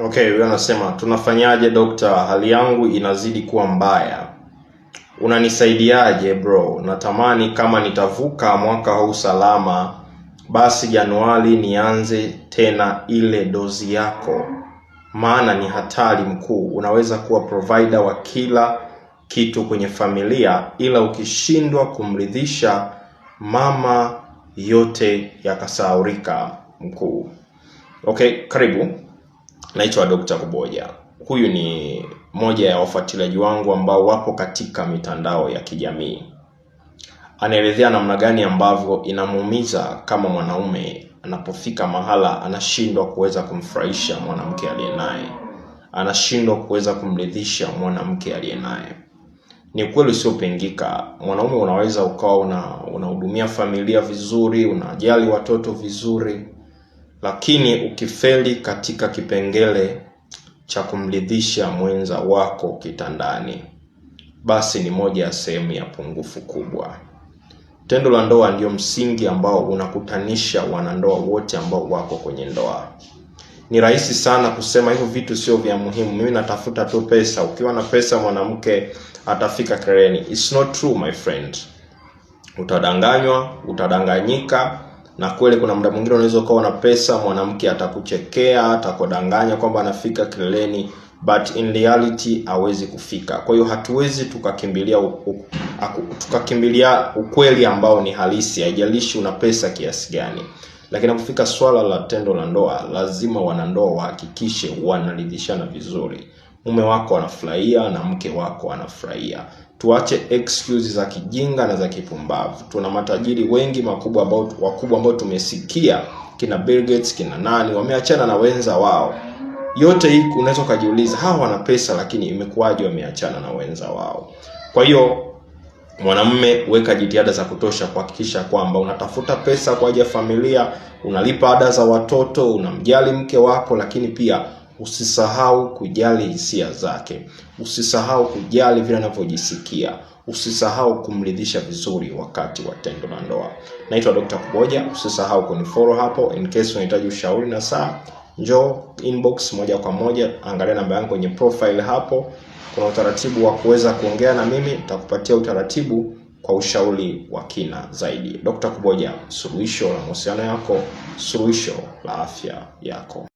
Okay, huyo anasema tunafanyaje dokta, hali yangu inazidi kuwa mbaya, unanisaidiaje bro? Natamani kama nitavuka mwaka huu salama, basi Januari nianze tena ile dozi yako, maana ni hatari mkuu. Unaweza kuwa provider wa kila kitu kwenye familia, ila ukishindwa kumridhisha mama, yote yakasahaurika mkuu. Okay, karibu naitwa Dr. Kuboja. Huyu ni moja ya wafuatiliaji wangu ambao wapo katika mitandao ya kijamii. Anaelezea namna gani ambavyo inamuumiza kama mwanaume anapofika mahala anashindwa kuweza kumfurahisha mwanamke aliye naye, anashindwa kuweza kumridhisha mwanamke aliye naye. Ni ukweli usiopingika, mwanaume unaweza ukawa unahudumia familia vizuri, unajali watoto vizuri lakini ukifeli katika kipengele cha kumridhisha mwenza wako kitandani, basi ni moja ya sehemu ya pungufu kubwa. Tendo la ndoa ndio msingi ambao unakutanisha wanandoa wote ambao wako kwenye ndoa. Ni rahisi sana kusema hivyo vitu sio vya muhimu, mimi natafuta tu pesa, ukiwa na pesa mwanamke atafika kereni It's not true my friend. Utadanganywa, utadanganyika na kweli kuna muda mwingine unaweza ukawa na pesa, mwanamke atakuchekea, atakudanganya kwamba anafika kileleni, but in reality hawezi kufika. Kwa hiyo hatuwezi tukakimbilia uku, tukakimbilia ukweli ambao ni halisi, haijalishi una pesa kiasi gani. Lakini kufika swala la tendo la ndoa, lazima wanandoa wahakikishe wanaridhishana vizuri, mume wako anafurahia na mke wako anafurahia. Tuache excuse za kijinga na za kipumbavu. Tuna matajiri wengi makubwa ambao wakubwa ambao tumesikia kina Bill Gates, kina nani wameachana na wenza wao. Yote hii unaweza ukajiuliza, hawa wana pesa lakini imekuwaje wameachana na wenza wao? Kwa hiyo mwanamume, weka jitihada za kutosha kuhakikisha kwamba unatafuta pesa kwa ajili ya familia, unalipa ada za watoto, unamjali mke wako, lakini pia Usisahau kujali hisia zake, usisahau kujali vile anavyojisikia, usisahau kumridhisha vizuri wakati wa tendo la ndoa. Naitwa Dr. Kuboja, usisahau kunifollow hapo. In case unahitaji ushauri na saa, njoo inbox moja kwa moja, angalia namba yangu kwenye profile hapo. Kuna utaratibu wa kuweza kuongea na mimi, nitakupatia utaratibu kwa ushauri wa kina zaidi. Dr. Kuboja, suluhisho la mahusiano yako, suluhisho la afya yako.